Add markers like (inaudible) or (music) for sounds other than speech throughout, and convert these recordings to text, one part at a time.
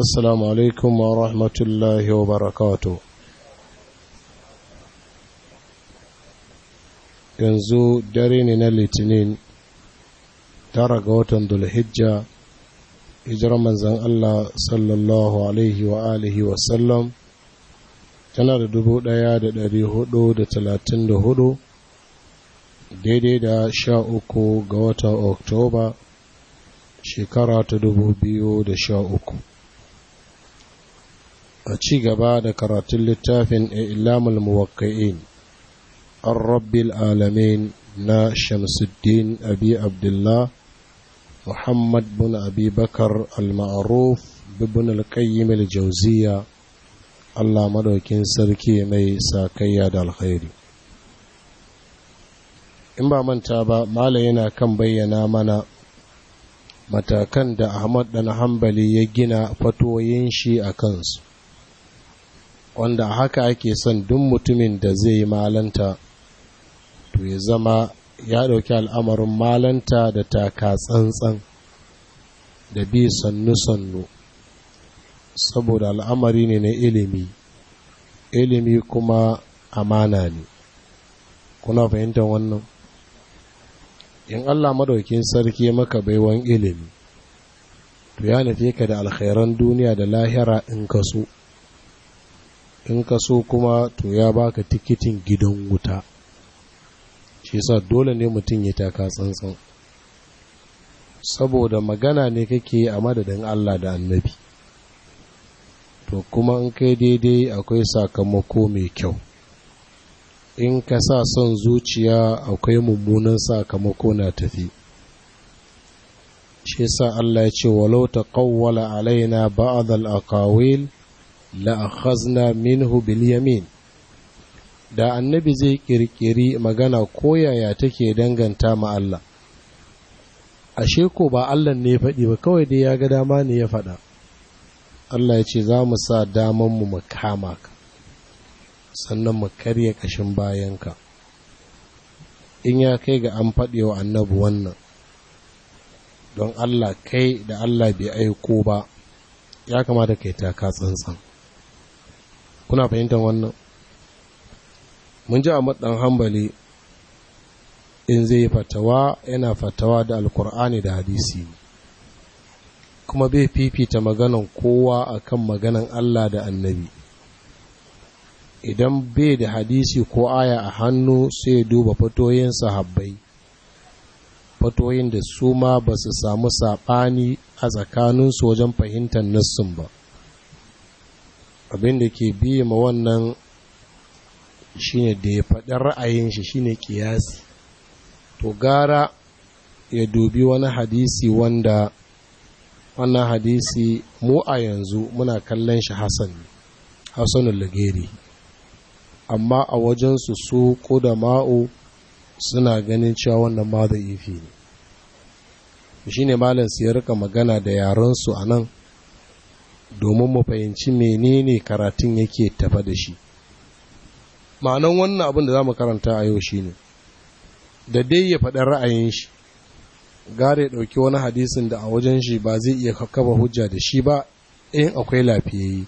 السلام عليكم ورحمة الله وبركاته yanzu dare ne na litinin tara ga watan dulhijja hijirar manzan Allah sallallahu alaihi wa alihi tana da dubu ɗaya da dari hudu da talatin da hudu daidai da sha uku ga watan oktoba shekara ta dubu biyu da sha uku a ci gaba da karatun littafin ilamul muwakka'in an rabbil alamin na shamsuddin abi abdullah muhammad bin abi bakar al-ma'ruf bibin al-qayyim al allah madaukin sarki mai sakayya da alkhairi in ba manta ba mala yana kan bayyana mana matakan da ahmad dan hambali ya gina fatoyin shi a kansu wanda a haka ake son duk mutumin da zai yi malanta to ya zama ya ɗauki al'amarin malanta da taka tsantsan da bi sannu-sannu saboda al'amari ne na ilimi ilimi kuma amana ne kuna fahimtar wannan in Allah madaukin sarki maka baiwan ilimi to ya nufi ka da alkhairan duniya da lahira in ka so in ka so kuma to ya baka tikitin gidan wuta shi sa dole ne mutum ya taka tsantsan saboda magana ne kake a madadin Allah da annabi to kuma in kai daidai akwai sakamako mai kyau in ka sa son zuciya akwai mummunan sakamako na tafi shi sa Allah ya ce walau kawwala alaina ba'adal akawil aqawil la'akhazna minhu bil yamin da annabi zai kirkiri magana koyaya take danganta ma Allah ashe ko ba Allah ne ya faɗi ba kawai dai ya ga dama ne ya faɗa Allah ya ce za mu sa daman mu mu kama ka sannan mu karya kashin bayanka in ya kai ga an faɗi wa annabi wannan don Allah kai da Allah bai aiko ba ya kamata kai taka tsantsan kuna fahimtar wannan mun ji a maɗan hambali in zai fatawa yana fatawa da alkur'ani da hadisi kuma bai fifita maganan kowa akan maganan Allah da annabi idan bai da hadisi ko aya a hannu sai duba fatoyin sahabbai fatoyin da su ma ba su samu saɓani a tsakaninsu wajen fahimtar nassun ba abin da ke bi ma wannan shine da ya faɗi ra'ayin shi shine kiyasi to gara ya dubi wani hadisi wanda wannan hadisi mu a yanzu muna kallon shi hassan hassanul lageri amma a wajen su da ma'o suna ganin cewa wannan ma da ifi ne shi ne malam su ya rika magana da yarensu a nan domin mu fahimci menene karatun yake tafa da shi ma'anan wannan abin da za mu karanta a yau shi ne da dai ya faɗi ra'ayin shi gare ɗauki wani hadisin da a wajen shi ba zai iya kafa hujja da shi ba in akwai lafiyayi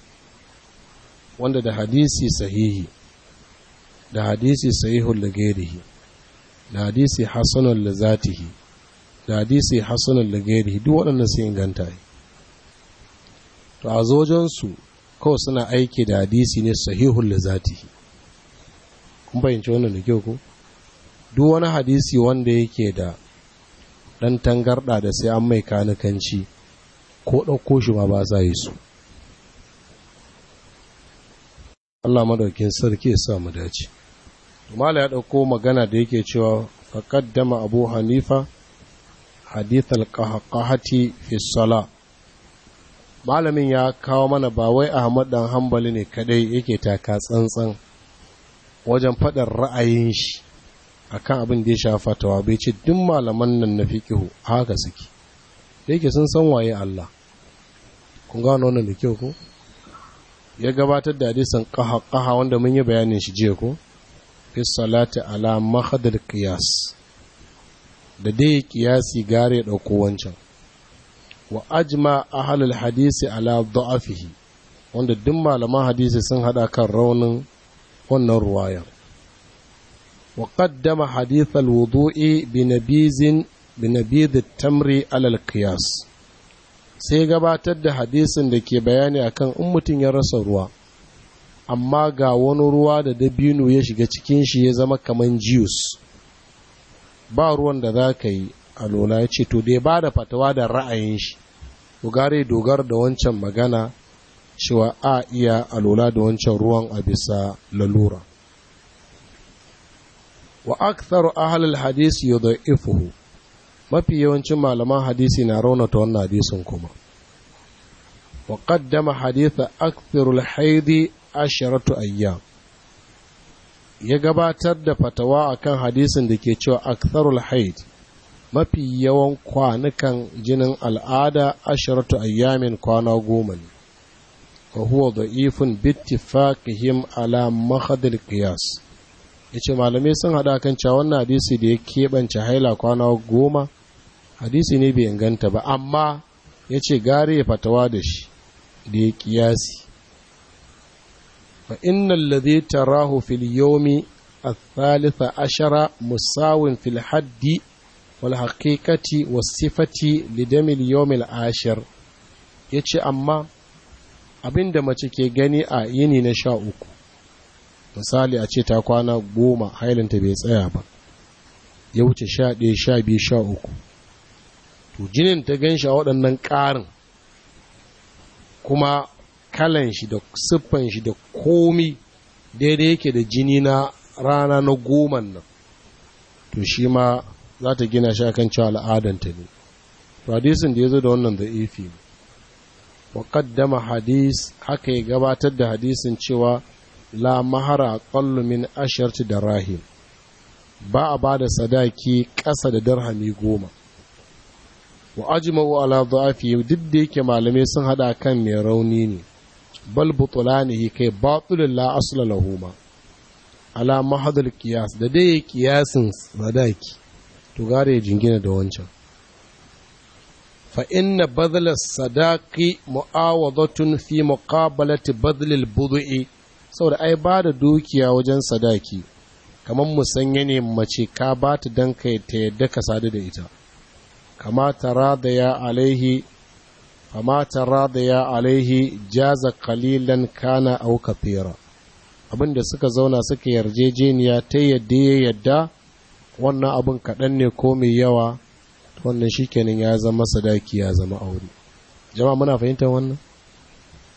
wanda da hadisi sahihi da hadisi sahihun lagairihi da hadisi hasanul lazatihi da hadisi hasanul lagairihi duk waɗannan sun inganta yi to a zojensu kawai suna aiki da hadisi ne sahihul lizatihi kun bayyance wannan da kyau ko duk wani hadisi wanda yake da dan tangarda da sai an mai kanikanci ko ɗauko shi ma ba sa yi su Allah madaukin sarki ya sa mu dace mala ya ɗauko magana da yake cewa faqaddama abu hanifa hadith al-qahqahati fi salah malamin ya kawo mana ba wai ahmad dan hambali ne kadai yake taka tsantsan wajen faɗin ra'ayin shi akan abin da ya shafa tawa bai ce duk malaman nan na fiqihu haka suke yake sun san waye Allah kun gano wannan da kyau ko ya gabatar da hadisin qaha qaha wanda mun yi bayanin shi jiya ko fi salati ala mahadar qiyas da dai kiyasi gare dauko wancan wa ajma ahalul hadisi ala da'afihi wanda duk malaman hadisi sun hada kan raunin wannan ruwayar وقدم bi الوضوء بنبيذ بنبيذ التمر على القياس sai gabatar da hadisin da ke bayani akan in mutum ya rasa ruwa amma ga wani ruwa da dabino ya shiga cikin shi ya zama kaman juice. ba ruwan da za ka yi a lola ya ce to dai ba da fatawa da ra'ayin shi to gare dogar da wancan magana cewa a iya alola da wancan ruwan a bisa lalura wa aktharu ahlul hadisi yadda yudhifuhu mafi yawancin malaman hadisi na raunata wannan hadisin kuma wa qaddama haditha aktharul haidi asharatu ayyam ya gabatar da fatawa akan hadisin da ke cewa aktharul haid mafi yawan kwanukan jinin al'ada asharatu ayyamin kwana goma ne wa huwa bitti fakihim ala mahadil ya yace malamai sun haɗa kan cewa wannan hadisi da ya keɓance haila kwana goma hadisi ne bai inganta ba amma ya ce gare ya fatawa da shi da ya kiyasi fa innal ladhi tarahu fil yawmi الثالث ashara مساو fil haddi wal wasifati was lidamil ashir yace amma abinda mace ke gani a yini na sha uku misali a ce ta kwana goma hailinta bai tsaya ba ya wuce sha ɗaya sha biyu sha uku to jinin ta ganshi a waɗannan ƙarin kuma kalan shi da siffan shi da komi daidai yake da jini na rana na goman nan to shi ma za ta gina shi akan cewa al'adanta ne to hadisin da ya zo da wannan da ifi wa qaddama hadis haka ya gabatar da hadisin cewa la mahara qallu min asharti darahim ba a ba da sadaki ƙasa da darhami goma wa ajma'u ala dha'afi duk da yake malamai sun hada kan mai rauni ne bal butulanihi kai batulun la asla ala mahadul qiyas da dai qiyasin sadaki to ya jingina da wancan fa inna badal sadaqi mu'awadatun fi muqabalati bazlil budu'i saboda ai ba da dukiya wajen sadaki kamar sanya ne mace ka ba ta dan kai ta yadda ka sadu da ita kama tara da ya alaihi kama tara da ya alaihi jaza kalilan kana au kafira abinda suka zauna suka yarjejeniya ta yadda ya yadda wannan abin kaɗan ne ko mai yawa wannan kenan ya zama sadaki ya zama aure jama'a muna fahimtar wannan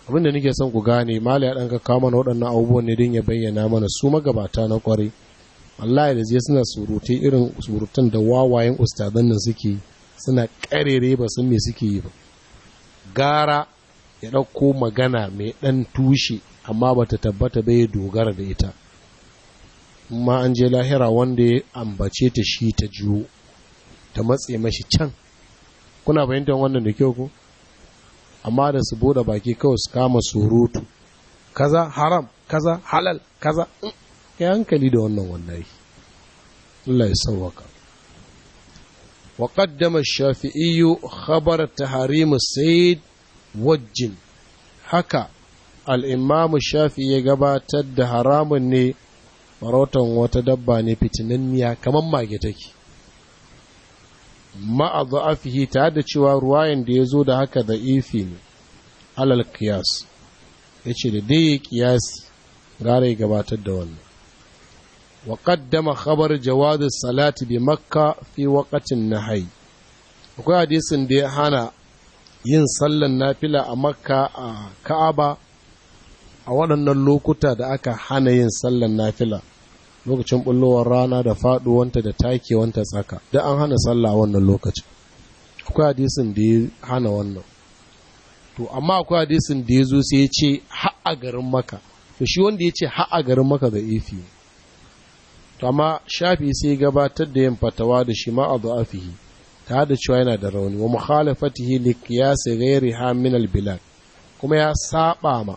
abin da nake son ku gane mali ya ɗan kawo mana waɗannan abubuwan ne don ya bayyana mana su magabata na kwarai wallahi da zai suna surute irin surutun da wawayen ustazan nan suke suna ƙarere ba sun me suke yi ba gara ya ɗauko magana mai ɗan tushe amma ba ta tabbata bai dogara da ita ma an je lahira wanda ya ambace ta shi ta juwo ta matse mashi can kuna fahimtar wannan da kyau ko amma da su bude baki kawai su kama surutu kaza haram kaza halal kaza ya mm. hankali da wannan wallahi Allah ya sauwaka wa qaddama shafi'i khabar Harimu sayyid wajjin haka al-imam shafi ya gabatar da haramun ne farautan wata dabba ne fitinanniya kamar mage take ma'a za'afihi ta da cewa ruwayan da ya zo da haka da ifi ne alal kiyas ya ce da dai kiyasi gara ya gabatar da wannan wa qaddama khabar jawaz salati bi makka fi waqtin nahyi akwai hadisin da ya hana yin sallan nafila a makka a ka'aba a waɗannan lokuta da aka hana yin sallan nafila lokacin bullowar rana da faɗuwanta da wanta tsaka da an hana sallah wannan lokacin akwai hadisin da ya hana wannan to amma akwai hadisin da ya zo sai ya ce ha'a garin maka to shi wanda ya ce ha'a garin maka da ifi to amma shafi sai gabatar da yin fatawa da shi ma a da'afihi ta da cewa yana da rauni wa mukhalafatihi li qiyas ghairiha min al bilad kuma ya saba ma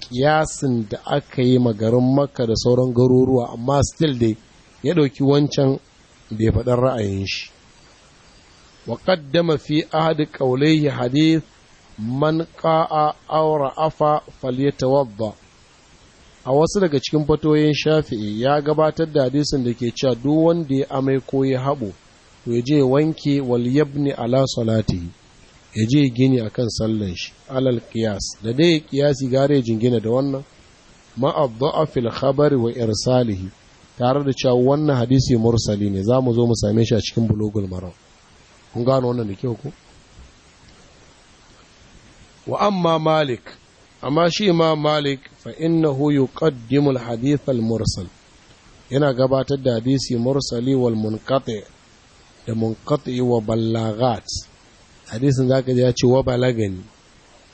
kiyasin da aka yi garin makka da sauran garuruwa amma still dai ya ɗauki wancan bai faɗin ra'ayin shi wa qaddama fi ahadi qawlayhi hadith man qa'a aw ra'afa falyatawadda a wasu daga cikin fatoyin shafi'i ya gabatar da hadisin da ke cewa duk wanda ya amai ko ya haɓo to ya je wanke wal yabni ala salatihi ya je gini akan sallan shi alal kiyas da dai kiyasi gare jingina da wannan ma fil khabari wa irsalihi tare da cewa wannan hadisi mursali ne za mu zo mu same shi a cikin bulogul maram kun gano wannan da kyau ko wa amma malik amma shi ma malik fa innahu yuqaddimu al hadith al mursal yana gabatar da hadisi mursali wal munqati da munqati wa ballagat hadisin zaka ji ya ce wa balagani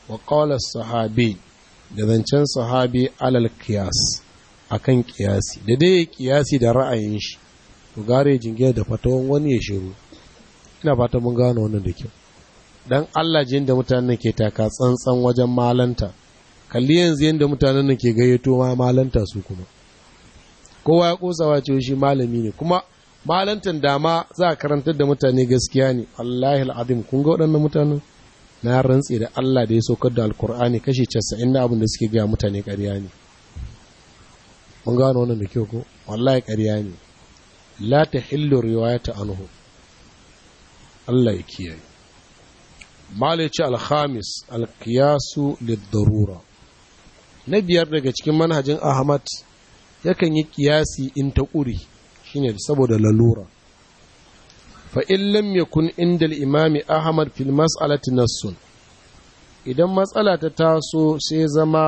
wa qala sahabi da zancen sahabi alal a kan kiyasi da dai ya kiyasi da ra'ayin shi to gare jingina da fatawan wani ya shiru ina fata mun gano wannan da kyau dan Allah jin da mutanen ke taka tsantsan wajen malanta kalli yanzu yanda mutanen ke gayyato ma malanta su kuma kowa ya kusa wace shi malami ne kuma malantan dama za a karantar da mutane gaskiya ne wallahi al'adim kun ga waɗannan mutanen na rantse da Allah da ya saukar da alkur'ani kashi casa'in na abin da suke gaya mutane ƙarya ne mun gano wannan da kyau ko wallahi ƙarya ne la tahillu riwayata anhu Allah ya kiyaye malici al-khamis al-qiyasu na biyar daga cikin manhajin Ahmad yakan yi kiyasi in ta ƙuri shine saboda lalura fa in lam yakun inda imami ahmad fil mas'alati nassun idan matsala ta taso sai zama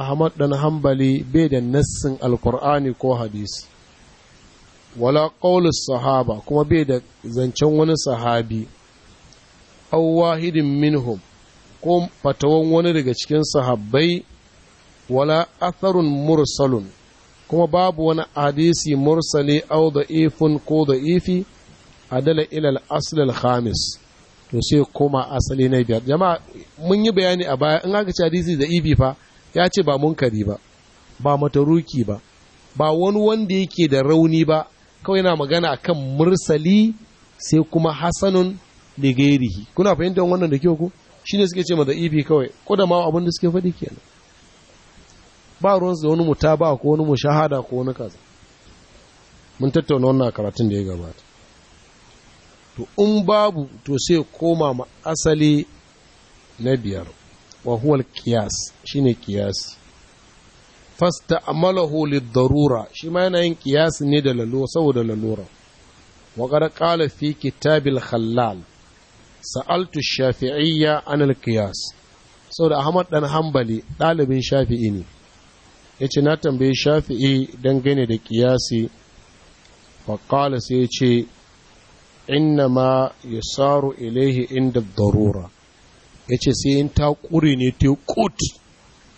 ahmad dan hambali bai da nassin alkur'ani ko hadisi wala qaulus sahaba kuma bai da zancen wani sahabi aw wahidin minhum ko fatawan wani daga cikin sahabbai wala atharun mursalun kuma babu wani hadisi mursali au da ifin ko da ifi adala ilal asilal khamis to sai koma asali na biyar jama'a mun yi bayani a baya in aka ci hadisi da ifi fa ya ce ba munkari ba ba mataruki ba ba wani wanda yake da rauni ba kawai yana magana akan mursali sai kuma hasanun ligairihi kuna fahimtar wannan da kyau ko shine suke ce ma da ifi kawai ko da ma abin da suke faɗi kenan ba ruwansu da wani mutaba ko wani mushahada ko wani kaza mun tattauna wannan karatun da ya gabata to in babu to sai koma ma asali na biyar wa huwal qiyas shine qiyas Fasta lid-darura shi ma yana yin qiyas ne da lalo saboda lalura wa qad qala fi kitabil khallal sa'altu shafi'iyya an al-qiyas saboda ahmad dan hanbali dalibin shafi'i ne ya ce na tambayi shafi'i dangane da ƙiyasi faƙala sai ya ce inna ma ya saru ilaihi inda darura ya ce sai in ta ƙuri ne ta ƙut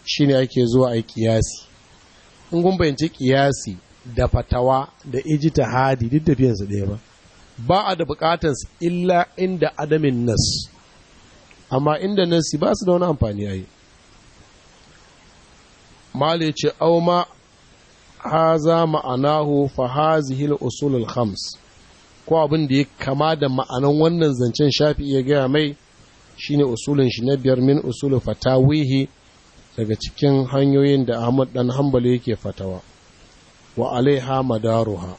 shi ne ake zuwa a kiyasi in kun bayanci kiyasi da fatawa da ijita hadi duk da tafiyansu ɗaya ba ba a da buƙatar illa inda adamin nas amma inda nasi ba su da wani amfani a yi mali ce auma haza ma'anahu fa hazihil usulul khams ko abin da ya kama da ma'anan wannan zancen shafi ya gaya mai shine usulun shi na biyar min Fata fatawihi daga cikin hanyoyin da Ahmad dan hambali yake fatawa wa alaiha madaruha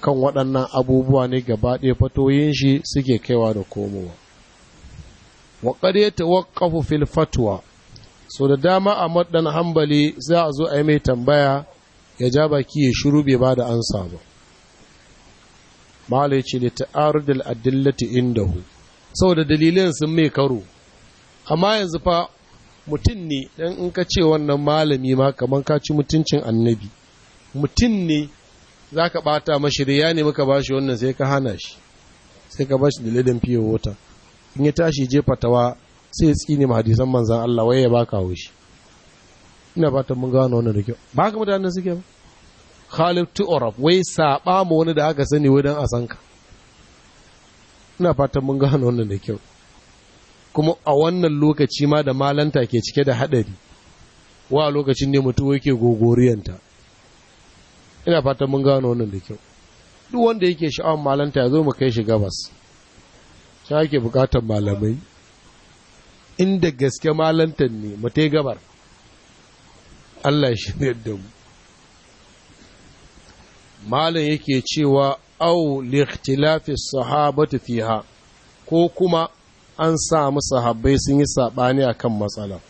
kan waɗannan abubuwa ne gaba ɗaya fatoyin shi suke kaiwa da komowa wa qad yatawaqqafu fil fatwa so da dama a maɗan hambali za a zo a yi mai tambaya ya ja baki ya shiru bai ba da ansa ba malai ce da ta'arudul adillati indahu saboda dalilin sun mai karo amma yanzu fa mutum ne dan in ka ce wannan malami ma kamar ka ci mutuncin annabi mutum ne za ka ɓata mashi riya ne muka ba shi wannan sai ka hana shi sai ka ba shi dalilin fiye wata in ya tashi je fatawa sai ya tsine ma hadisan manzan Allah waye ya baka haushi ina fatan mun gano wannan da kyau ba ka mutanen suke ba Khalid Tu'raf wai saba ma wani da aka sani wai dan a san ka ina fatan mun gano wannan da kyau kuma a wannan lokaci ma da malanta ke cike da hadari wa lokacin ne mutum yake gogoriyanta ina fatan mun gano wannan da kyau duk wanda yake sha'awar malanta ya zo mu kai shi gabas sai ake bukatar malamai inda gaske malantar ne mu tai gabar Allah shi ne da mu malam yake cewa au likhtilafi sahabatu fiha ko kuma an samu sahabbai sun yi sabani akan matsala.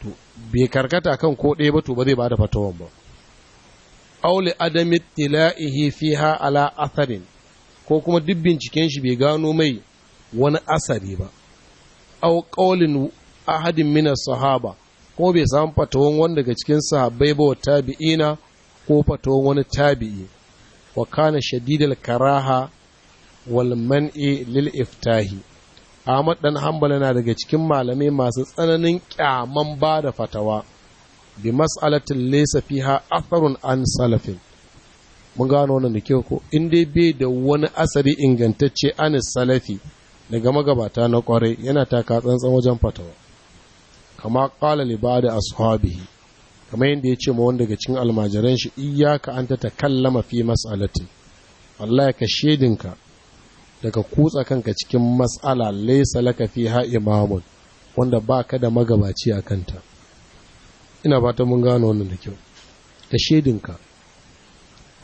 to bai karkata kan ko ɗaya ba to ba zai bada fatawan ba au li adami tila'ihi fiha ala asarin ko kuma duk binciken shi bai gano mai wani asari ba au ƙaulin ahadin mina sahaba ko bai samu fatawan wanda daga cikin sahabbai ba wa tabi'ina ko fatawan wani tabi'i wa kana shadidal karaha wal man'i lil iftahi Ahmad dan Hanbal na daga cikin malamai masu tsananin kyaman ba da fatawa bi mas'alatin laysa fiha atharun an salafin mun gano wannan da kyau ko in dai bai da wani asari ingantacce an salafi daga magabata na kwarai yana taka tsantsan wajen fatawa kama kala li ba'da ashabihi kama yadda ya ce ma wanda daga cikin almajiran shi ka an ta takallama fi mas'alati wallahi ka shedinka daga kutsa kanka cikin mas'ala laysa laka fiha imamun wanda baka da magabaci a kanta ina fata mun gano wannan da kyau ka shedinka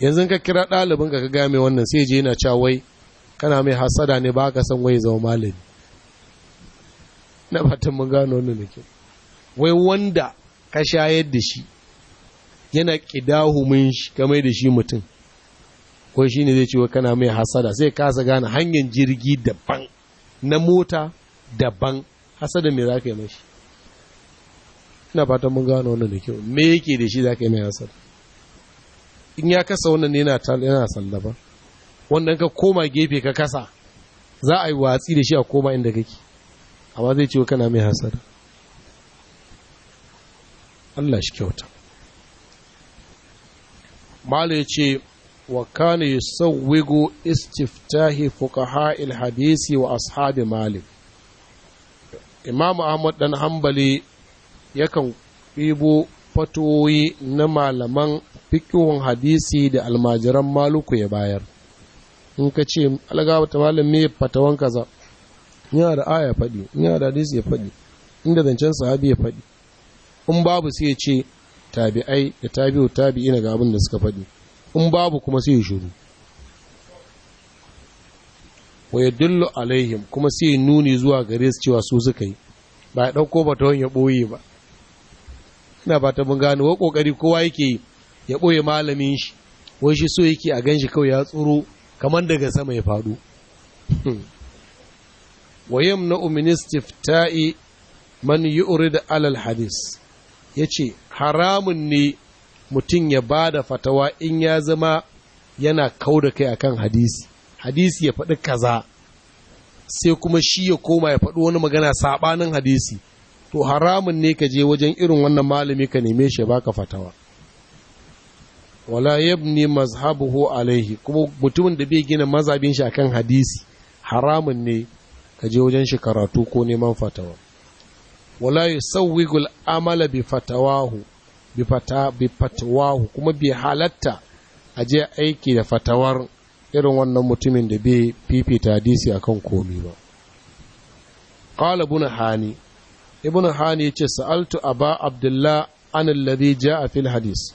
yanzu ka kira ɗalibin ka ga mai wannan sai je yana cewa wai kana mai hasada ne ba ka san wai zama malami na fatan mun gano wannan da kyau wai wanda ka shayar da shi yana kidahumin shi kamar da shi mutum ko shi ne zai ce kana mai hasada sai kasa gane hanyar jirgi daban na mota daban hasada mai za ka yi mashi ina fatan mun gano wannan da kyau me yake da shi za ka yi mai hasada in ya kasa wannan ne yana sallaba wanda ka koma gefe ka kasa za a yi watsi da shi a koma inda kake amma zai ce kana mai hasada Allah shi kyauta Mala ya ce wa sau yusawwigu istiftahi fuka ha'il hadisi wa ashabi Malik Imam Ahmad dan hambali yakan ɗibo fatoyi na malaman fikihun hadisi da almajiran maluku ya bayar in ka ce algawa ta malam me fatawan kaza yana da aya faɗi yana da hadisi ya faɗi inda zancen sahabi ya faɗi in babu sai ya ce tabi'ai da tabi'u tabi'i na abin da suka faɗi in babu kuma sai ya shiru wa yadullu alaihim kuma sai ya nuni zuwa gare su cewa su suka yi ba ya dauko ba ya boye ba ina ba ta mun gano wa kokari kowa yake ya boye malamin shi wai shi so yake a gan shi kawai ya tsoro kamar daga sama ya faɗo wa na min istifta'i man da alal hadis ya ce haramun ne mutum ya ba da fatawa in ya zama yana kau da kai akan hadisi hadisi ya faɗi kaza sai kuma shi ya koma ya faɗi wani magana saɓanin hadisi to haramun ne ka je wajen irin wannan malami ka neme shi ya baka fatawa wala yabni mazhabuhu alaihi kuma mutumin da bai gina mazhabin shi akan hadisi haramun ne ka je wajen shi karatu ko neman fatawa wala yusawwigul amala bi fatawahu bi fata bi fatawahu kuma bi halatta a je aiki da fatawar irin wannan mutumin da bai fifita hadisi akan komi ba qala ibn hani ibn hani yace sa'altu aba abdullah an alladhi ja'a fil hadis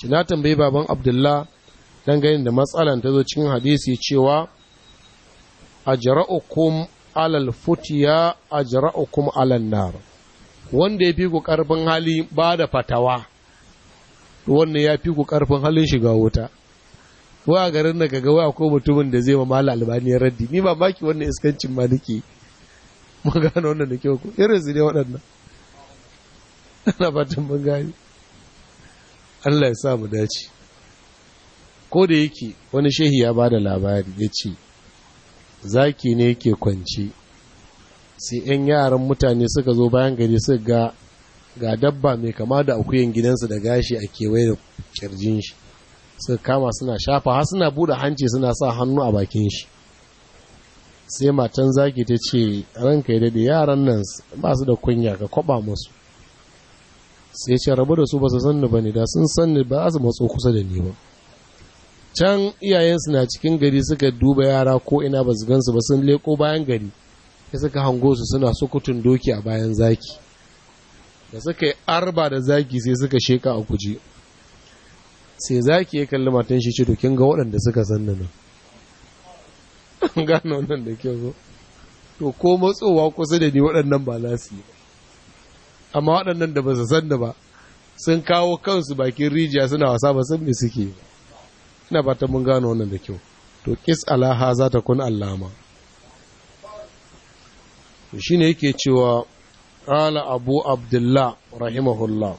ci na tambayi baban abdullah dangane da matsalan ta zo cikin hadisi cewa a ajra'ukum alal futiya a ajra'ukum alal nar wanda ya fi ku karfin hali ba da fatawa wanda ya fi ku karfin halin shiga wuta wa a garin da gaga wa ko mutumin da zai ma mala ya raddi ni ba maki wannan iskancin ma nake mun gano wannan da kyau ko irin su ne waɗannan na fatan mun gani Allah ya sa mu dace ko da yake wani shehi ya bada labari ya ce zaki ne yake kwanci sai 'yan yaran mutane suka zo bayan gari suka ga ga dabba mai kama da akuyan gidansu da gashi a kewaye da kirjin shi suka kama suna shafa har suna buɗe hanci suna sa hannu a bakin shi sai matan zaki ta ce ranka ya dade yaran nan ba su da kunya ka kwaba musu sai ce rabu da su ba su sanni ba ne da sun sanni ba su matso kusa da ni ba can iyayensu na cikin gari suka duba yara ko ina ba su gansu ba sun leko bayan gari ya suka hango su suna sukutun doki a bayan zaki da suka yi arba da zaki sai suka sheka a kuje sai zaki ya kalli matan shi ce to kin ga waɗanda suka sanna nan (laughs) an gano nan da kyau to ko matsowa kusa da ni waɗannan ba za su yi amma waɗannan da ba su san ba sun kawo kansu bakin rijiya suna wasa ba sun me suke ina ba ta mun gano wannan da kyau to kis alaha za ta kun allama shi ne yake cewa ala abu abdullah rahimahullah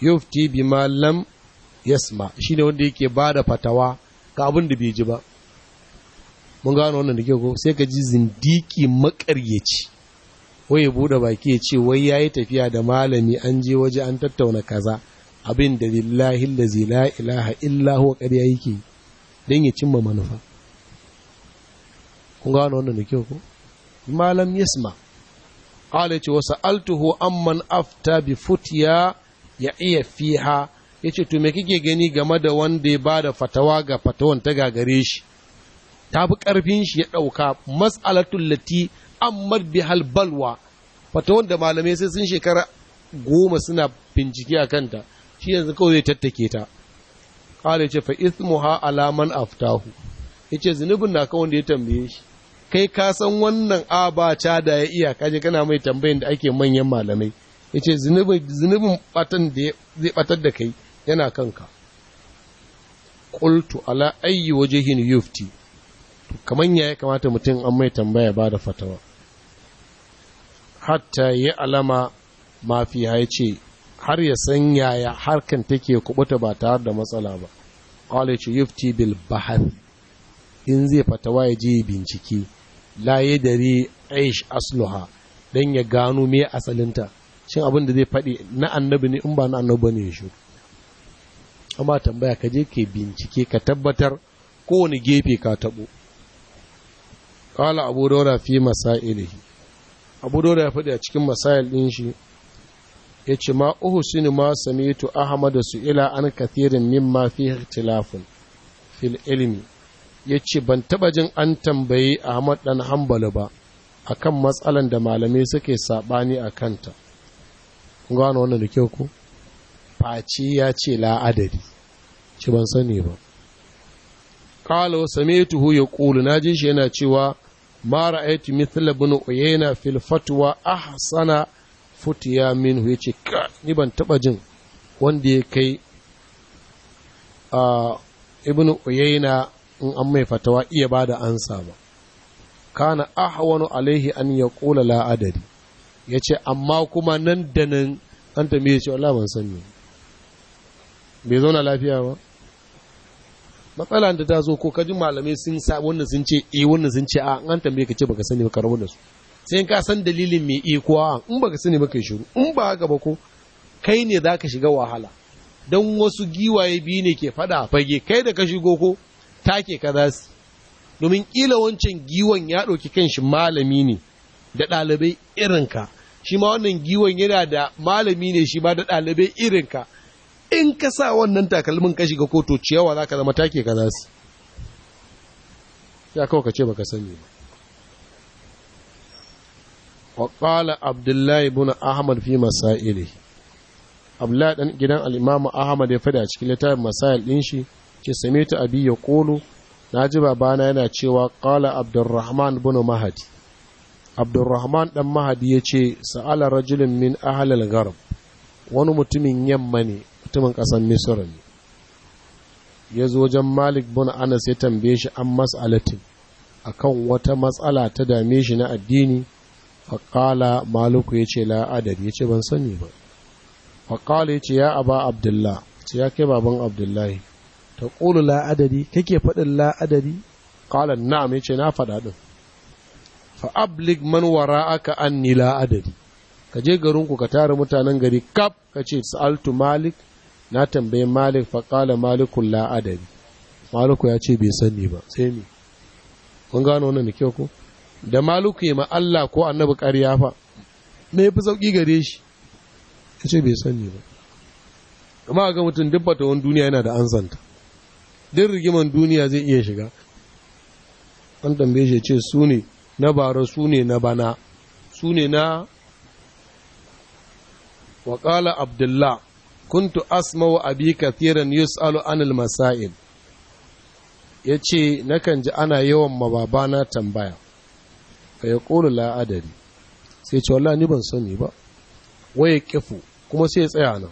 yufti bi malam yasma shi ne wanda yake ba da fatawa ga abin da bai ji ba mun gano wannan da kyau sai ka ji zindiki makaryaci wai ya bude baki ya ce wai yayi tafiya da malami an je waje an tattauna kaza abin da lillahi allazi la ilaha illa ƙarya yake dan ya cimma manufa kun gano wannan da kyau ko malam yasma qala ce wasu altuhu amman afta bi futiya ya iya fiha yace to me kike gani game da wanda ya bada fatawa ga fatawan ta gagare shi ta fi karfin shi ya ɗauka mas'alatul lati ta'ammad bi halbalwa fata wanda malamai sai sun shekara goma suna bincike a kanta shi yanzu kawai zai tattake ta kala ce fa ismuha alaman aftahu yace zunubin na kawai wanda ya tambaye shi kai ka san wannan abaca da ya iya kaje kana mai tambayin da ake manyan malamai yace zunubin zunubin batan da zai batar da kai yana kanka qultu ala ayyi wajhin yufti kamar ya kamata mutum an mai tambaya ba da fatawa hatta ya alama mafi ya har ya san yaya harkan take kubuta ba tare da matsala ba qala ce yufti bil bahar in zai fatawa ya je bincike laye ya dare aish asluha dan ya gano me asalinta shin abin da zai faɗi na annabi ne in ba na annabi ne shi amma tambaya ka je ke bincike ka tabbatar kowane gefe ka taɓo. ƙala abu daura fi masailihi abu da ya faɗi a cikin masayar ɗin shi ya ce ma uhusinu ma samitu ahmad su ila an kathirin mimma fi ikhtilafun fil ilmi ya ce ban taɓa jin an tambayi ahmad ɗan hambali ba akan matsalan da malamai suke saɓani a kanta kun gano wannan da kyau ku face ya ce la'adari ci ban sani ba ƙalo same tuhu ya ƙulu na jin shi yana cewa ma ra'aytu mithla ibn uyayna fil fatwa ahsana futiya minhu yace ka ni ban taba jin wanda ya kai a ibn uyayna in an mai fatawa iya bada ansa ba kana ahwanu alaihi an yaqula la adari yace amma kuma nan da nan an tambaye shi ban sani bai zauna lafiya ba matsala da ta zo ko kaji malamai sun sa wannan sun ce eh wannan sun ce a an tambaye ka ce baka sani ba ka rabu da su sai ka san dalilin me eh ko a in baka sani ba shiru in ba haka ba ko kai ne zaka shiga wahala dan wasu giwaye biyu ne ke fada fage kai da ka shigo ko take ka za su domin kila wancan giwon ya ɗauki kanshi malami ne da ɗalibai irinka shi ma wannan giwon yana da malami ne shi ma da ɗalibai irinka in ka sa wannan takalmin kashi ga koto ciyawa za ka zama take ka za su ya kawo ka ce baka sani ba Waƙala abdullahi Buna ahmad fi masaili abdullahi ɗan gidan al ahmad ya fada cikin littafin masail ɗin shi ce ta abi ya Na naji babana yana cewa ƙala abdurrahman Buna mahadi abdurrahman dan mahadi ce sa'ala rajulun min ahalal garb wani mutumin yamma ne mutumin ƙasar misir ne ya zo wajen malik bin anas ya tambaye shi an a kan wata matsala ta dame shi na addini faƙala maluku ya ce la'adar ya ce ban sani ba faƙala ya ce ya aba abdullah ce ya kai baban abdullahi ta ƙulu la'adari kake faɗin la'adari ƙalan na'am ya ce na faɗa ɗin fa'ablik man wara aka an ni la'adari ka je garinku ka tara mutanen gari kaf ka ce sa'altu malik na tambayi malik faƙala malikun la'adari maluku ya ce bai sani ba sai mi kun gano wannan da kyau ko da maluku ya Allah ko annabi ƙarya fa me fi sauƙi gare shi ya ce bai sani ba amma ga mutum duk wani duniya yana da ansanta duk rigiman duniya zai iya shiga an tambaye shi ce su ne na bara su ne na bana su ne na waƙala abdullah kuntu asma'u abi kathiran yus'alu anil masail yace nakan ji ana yawan mababana tambaya fa la adari sai ce wallahi ni ban sani ba waye kifu kuma sai tsaya nan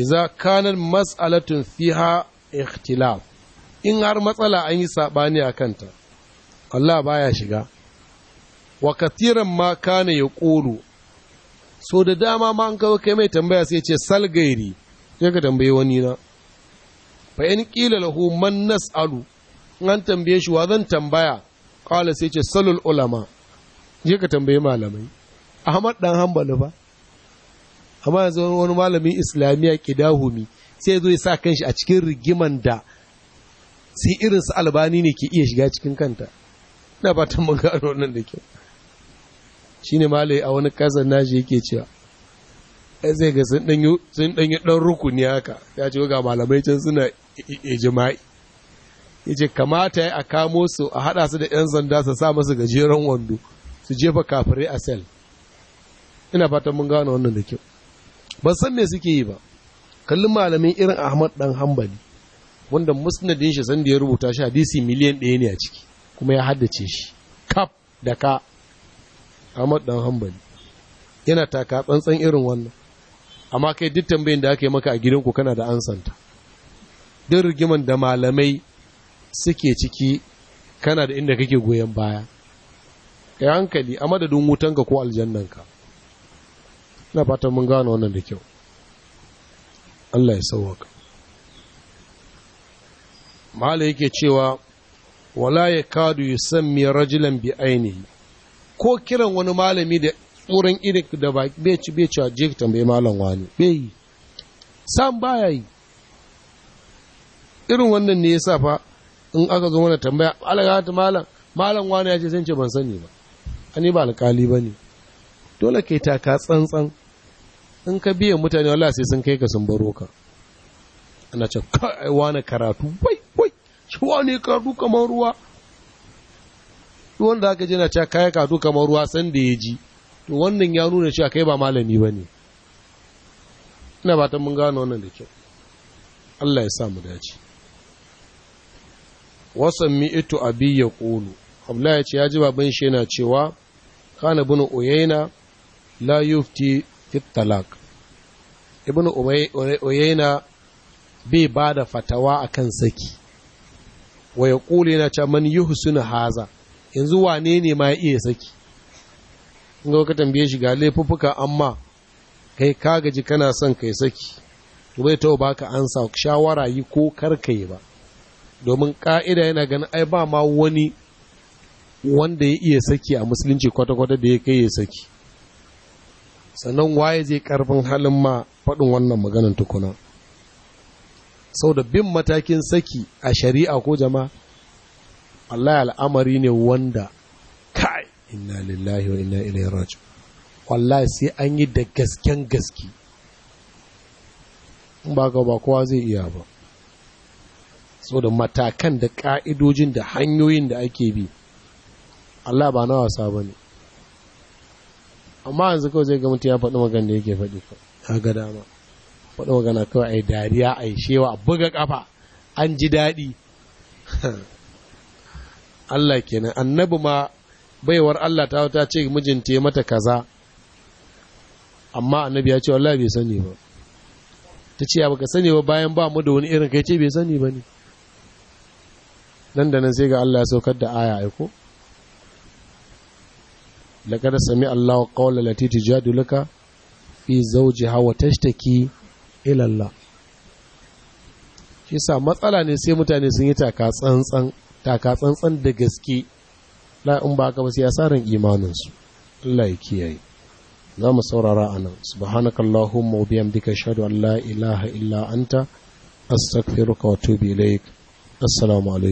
iza kana mas'alatun fiha ikhtilaf in har matsala an yi sabani a kanta Allah baya shiga wa kathiran ma kana yaqulu so da dama ma an kawo kai mai tambaya sai ce salgairi sai ka tambaye wani na fa in qila lahu man nas'alu an tambaye shi wa zan tambaya qala sai ce salul ulama je ka tambaye malamai ahmad dan hanbali ba amma yanzu wani malami islamiya kidahumi sai zo ya sa kanshi a cikin rigiman da sai irin su albani ne ke iya shiga cikin kanta ina fatan mun gano nan da kyau Shi ne malai a wani kasar nashi yake cewa ai zai ga sun ɗanyi ɗan dan rukuni haka ya ce ga malamai can suna ya ce kamata a kamo su a hada su da yan sanda su sa masu gajeren wando su jefa kafirai a sel ina fatan mun gano wannan da kyau ban san me suke yi ba Kallon malamin irin Ahmad dan hambali wanda musnadin shi sanda ya rubuta shi hadisi miliyan ɗaya ne a ciki kuma ya haddace shi kaf da ka Ahmad dan hambali yana taka tsantsan irin wannan amma kai duk tambayin da aka yi maka a gidanku kana da ansanta duk rigiman da malamai suke ciki kana da inda kake goyon baya kai hankali a madadin wutanka ko aljannanka na fatan mun gano wannan da kyau Allah ya sauwaka mahala yake cewa wala ya kadu yusammi rajulan bi ainihi ko kiran wani malami da tsoron irin da ba bai ci bai a je tambayi malam wani bai yi sam baya yi irin wannan ne ya sa fa in aka zo mana tambaya alagata malam malam wani ya ce sai ce ban sani ba ani ba alkali ne. dole kai ta ka tsantsan in ka biya mutane wala sai sun kai ka sun baro ka ana ce kai wani karatu wai wai shi wani karatu kamar ruwa duk wanda aka je kaya katu kamar ruwa san da ya ji to wannan ya nuna cewa kai ba malami ba ne ina ba ta mun gano wannan da kyau Allah ya sa mu dace wasan mi itu abi ya kulu Allah ya ce ya ji baban shi yana cewa kana bin uyaina la yufti fi talaq ibn uyaina bai ba da fatawa akan saki wa ya yana cewa man yuhsinu haza yanzu wane ne ma ya iya saki in ga ka tambaye shi ga laifuffuka amma kai ka gaji kana son kai saki to bai taɓa baka ansa shawara yi ko kar yi ba domin ka'ida yana ganin ai ba ma wani wanda ya iya saki a musulunci kwata-kwata da ya kai ya saki sannan waye zai karfin halin ma faɗin wannan maganin tukuna sau da bin matakin saki a shari'a ko jama'a wallahi al'amari ne wanda kai inna lillahi wa inna ilaihi raju. wallahi sai an yi da gasken gaske in ba ba kowa zai iya ba So da matakan da ka'idojin da hanyoyin da ake bi Allah ba na wasa ba ne amma yanzu kawai zai gamata ya faɗi magana da yake faɗi ka ga dama faɗi magana kawai a yi dariya a yi shewa a buga ƙafa an ji daɗi (laughs) Allah kenan annabi ma baiwar Allah ta ta ce mijinta ya mata kaza amma annabi ya ce wallahi bai sani ba ta ce baka sani ba bayan ba mu da wani irin kai ce bai sani ba ne nan da nan sai ga Allah ya saukar da aya aiko laqad sami Allah qawla lati tujadiluka fi zawjiha wa tashtaki ila Allah shi sa matsala ne sai mutane sun yi taka tsantsan taka tsantsan da gaske la in ba ka ba sai imaninsu Allah ya kiyaye za mu saurara a nan subhanakallahumma wa bihamdika ashhadu an la ilaha illa anta assalamu alaikum